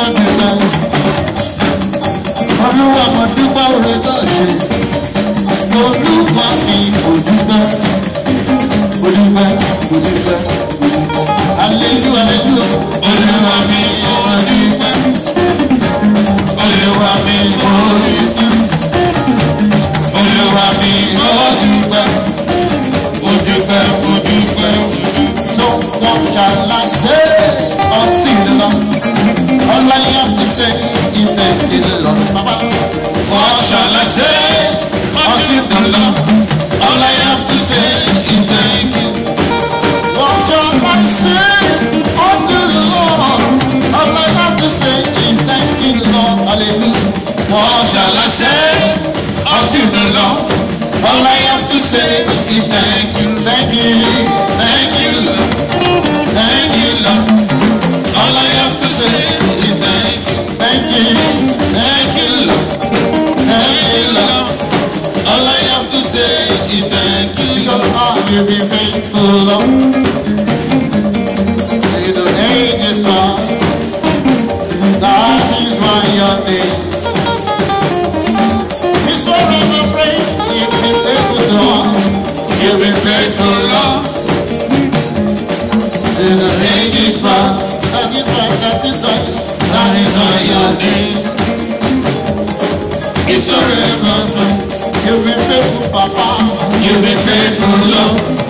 mọ́ mi náà olúwa mo dúpẹ́ oore tó ṣe. down.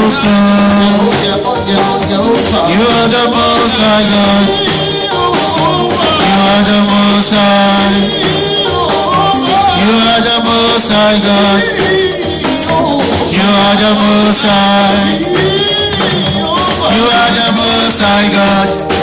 most high. You are the most God. You are the You are the You are the You are the most high God.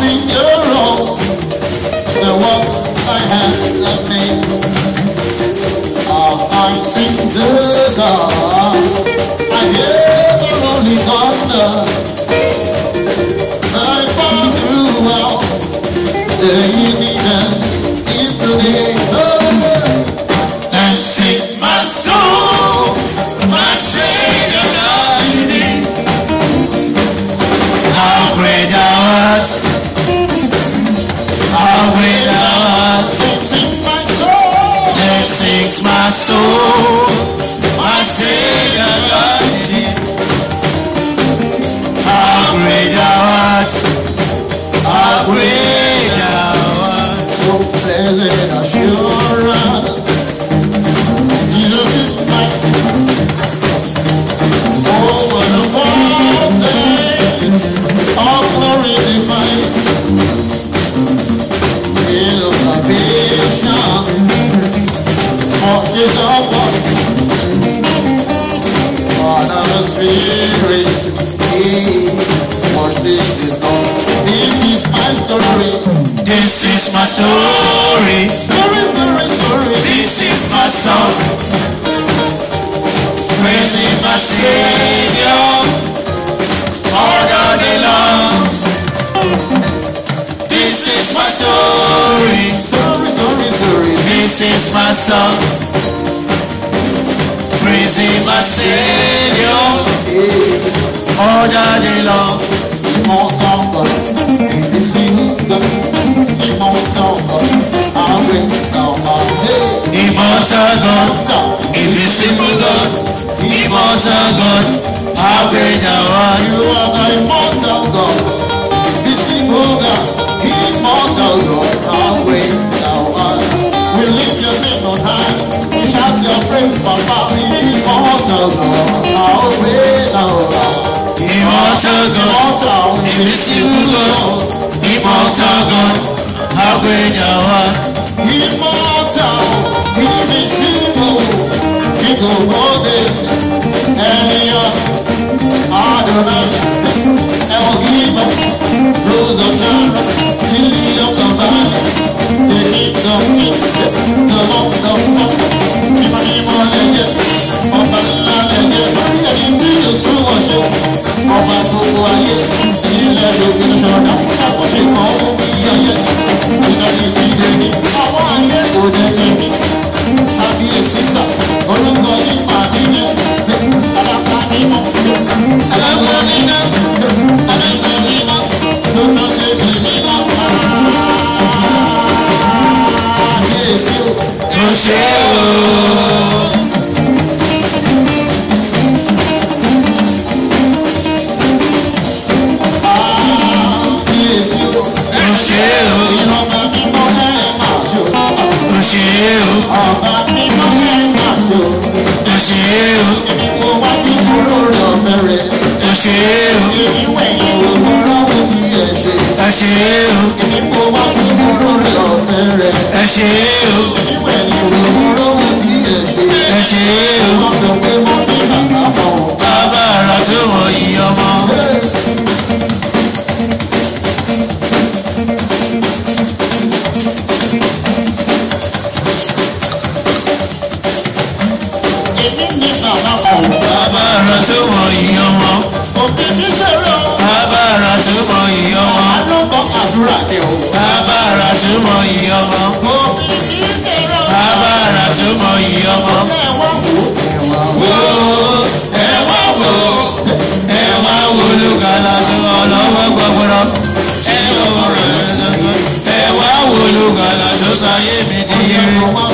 seen your own. The ones I have left me. Now I sing the song. I never only wonder. I found throughout the eveniness is the day. Who is it, my Savior? All day long. This is my story. Story, story, story. This is my song. Praising my Savior. All day long. Ils m'entendent, ils signent, ils m'entendent. immortal God, invisible God, immortal God. How great thou art. You are the immortal God. Invisible God. Immortal God. How great thou art. We lift your name on high. We shout your praise, Papa. Immortal God. How great thou art. Immortal God. Invisible God. Immortal God. How great thou art. Immortal. Invisible. go. Adonai, Elohim, Rose of Sharon. ṣe é o. èmi wẹ̀ ni mo mọ̀ lọ́wọ́ sí ẹ̀ṣẹ̀. ẹ ṣe é o. èmi kò wá ní mo lórí ọ̀fẹ́ rẹ̀. ẹ ṣe é o. Come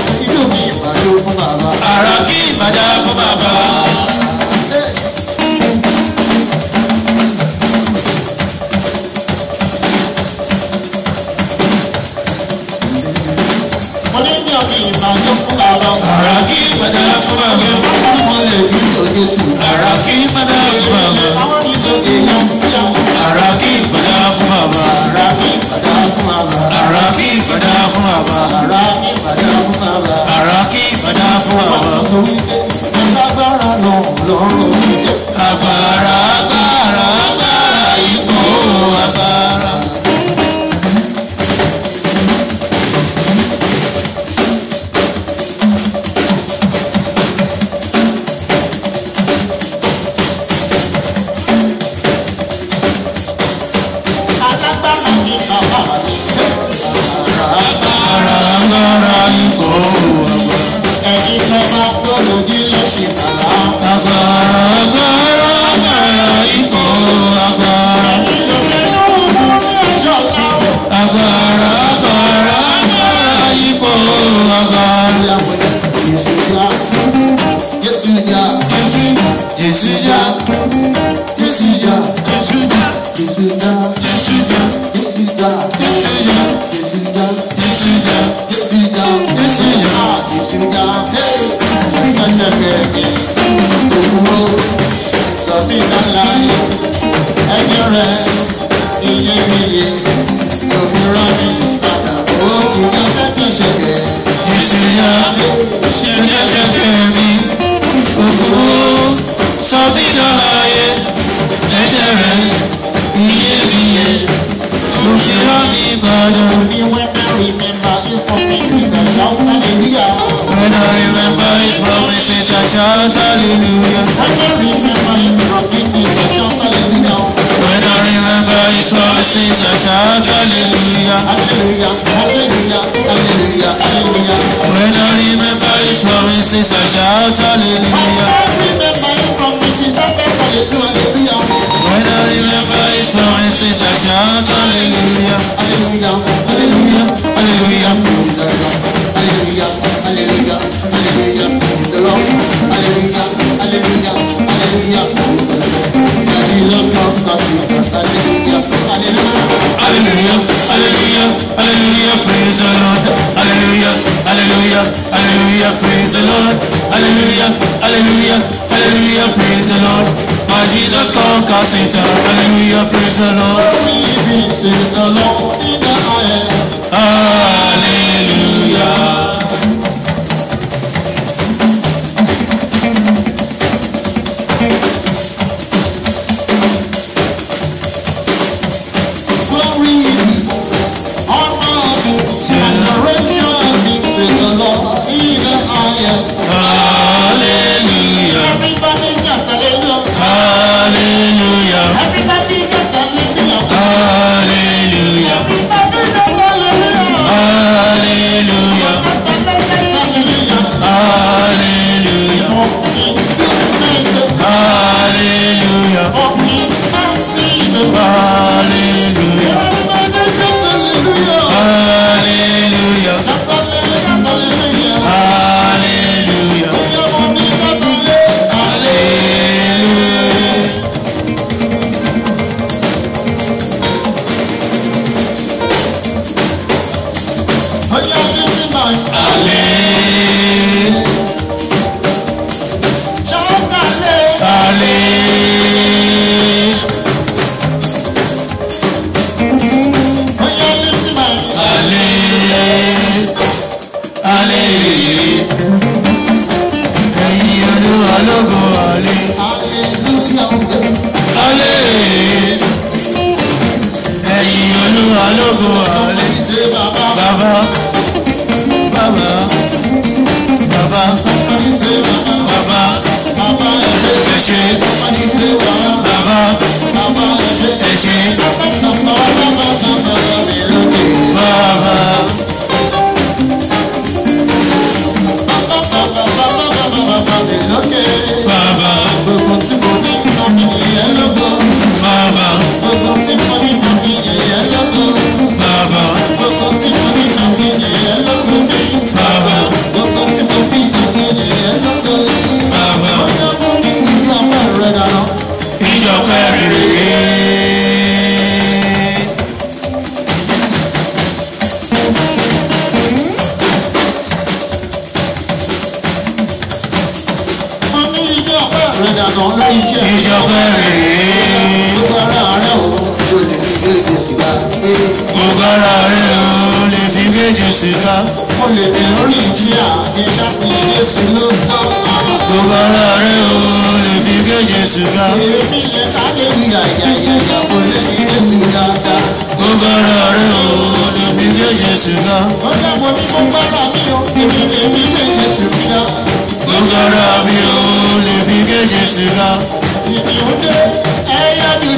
ìyàjúdà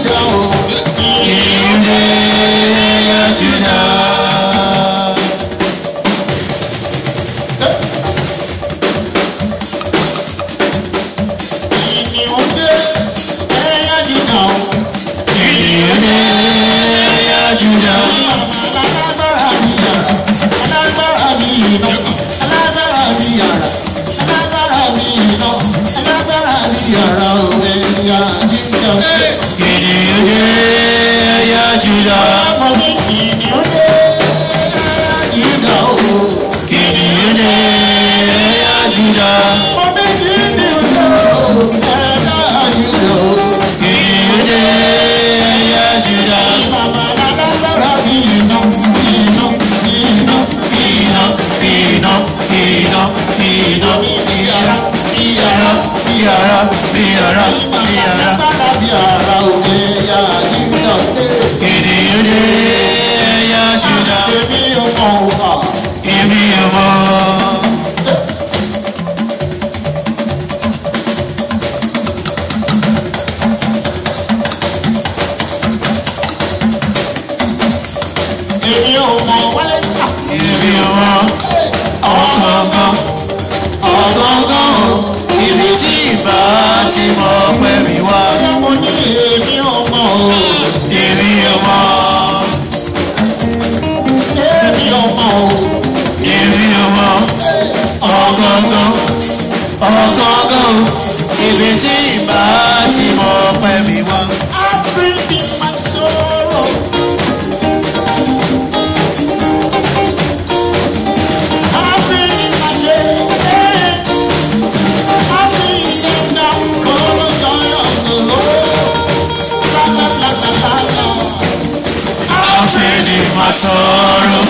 you ìyàjúdà. Judah èmi ò mọ̀ wálé. èmi ò mọ̀ ọ̀gọ̀ngàn ọ̀gọ̀ngàn o ibi tí ìbá ti mọ̀ pẹ̀mí wá. mo ní èmi ò mọ̀ o. èmi sorrow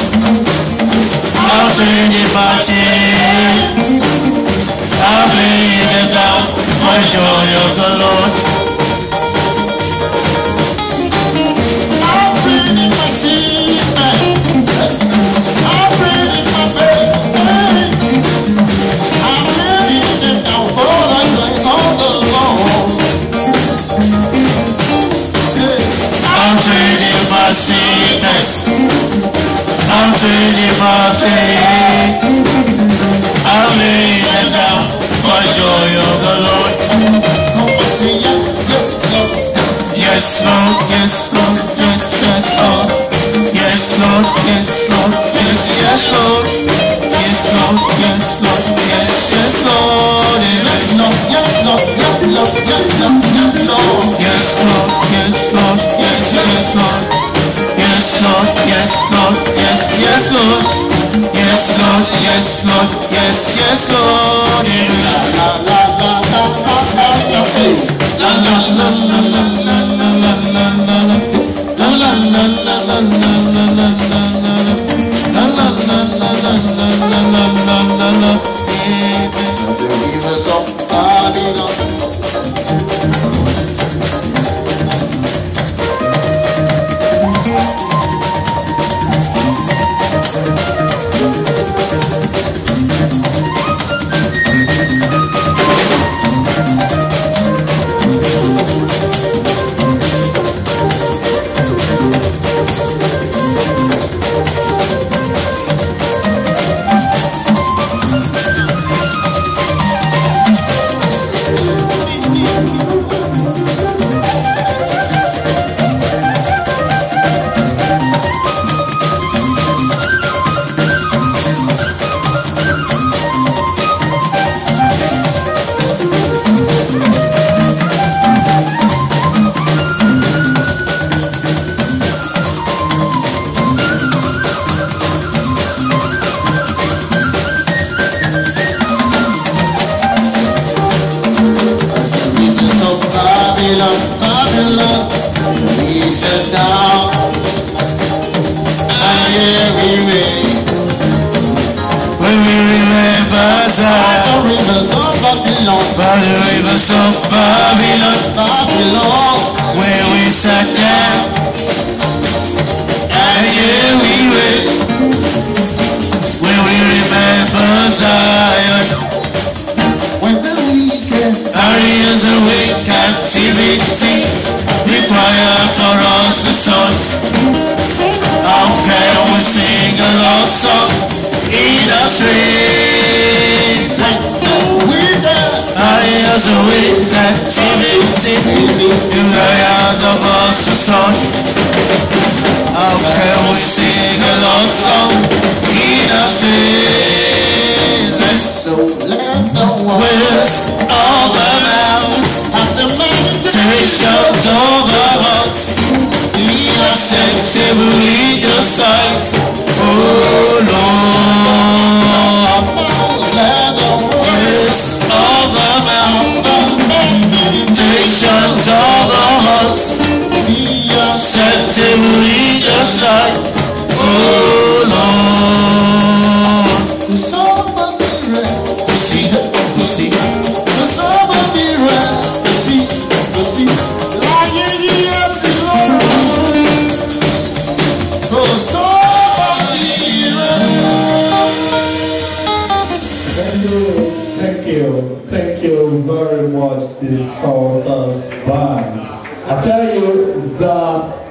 I'll change it by I'll bleed it out My joy of the Lord of the Lord Yes, yes, Lord Yes, Lord, yes, Lord, yes, yes, Lord Yes, Lord, yes, Lord, yes, yes, Lord Yes, Lord, yes, Lord, yes, yes, Lord Yes, Lord, yes, Lord, yes, Lord, yes, Lord, yes, Lord Yes, Lord, yes, Lord, yes, yes, Lord Lord, yes, Lord, yes, yes, Lord. Yes, Lord, yes, Lord, yes, yes, Lord. La la la la la la la la la la la la la rivers of Babylon, Babylon, where we sat down. And here we wait, where we remember Zion. When the weekend barriers away captivity, require for us the sun. How can we sing a lost song in a street? Yazılı çivildi Dünyaya da bastı son Avke uysine losom Innocent So let the words all the mounts the mountains Take shelter the hearts Innocent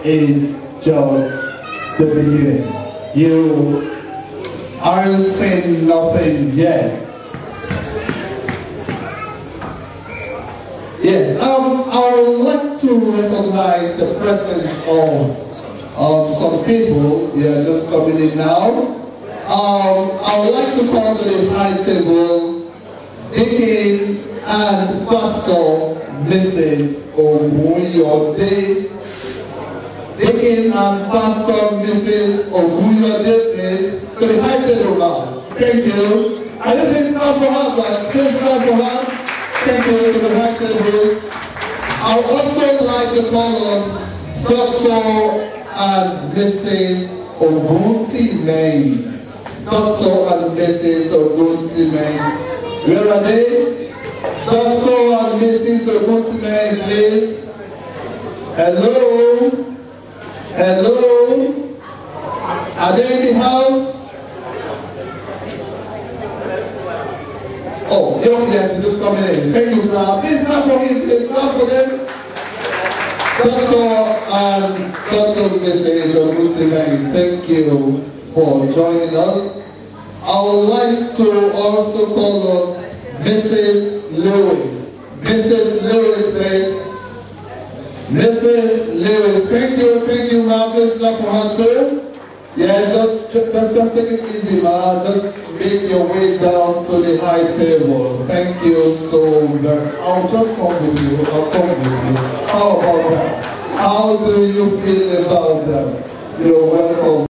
is just the beginning. You aren't seen nothing yet. Yes, um, I would like to recognize the presence of um, some people. Yeah, just coming in now. Um, I would like to call to the high table Deacon and Pastor Mrs. Omuyode Deacon and Pastor Mrs. Oguya Davis to the high table now. Thank you. I don't think it's time for her, but please time for her. Thank you to the high table. I would also like to call on Dr. Um, and Mrs. Ogunti May. Dr. and Mrs. Ogunti May. Where are they? Dr. and Mrs. Ogunti May, please. Hello. Hello? Are they in the house? Oh, young guests are just coming in. Thank you, sir. Please clap for him. Please clap for them. Doctor and Doctor Mrs. Ogutimani, thank you for joining us. I would like to also call up Mrs. Lewis. Mrs. Lewis, please. Mrs. Lewis, thank you, thank you, ma'am. Please clap for her too. Yeah, just, just, just take it easy, ma'am. Just make your way down to the high table. Thank you so much. I'll just come with you. I'll come with you. How about that? How do you feel about that? You're welcome.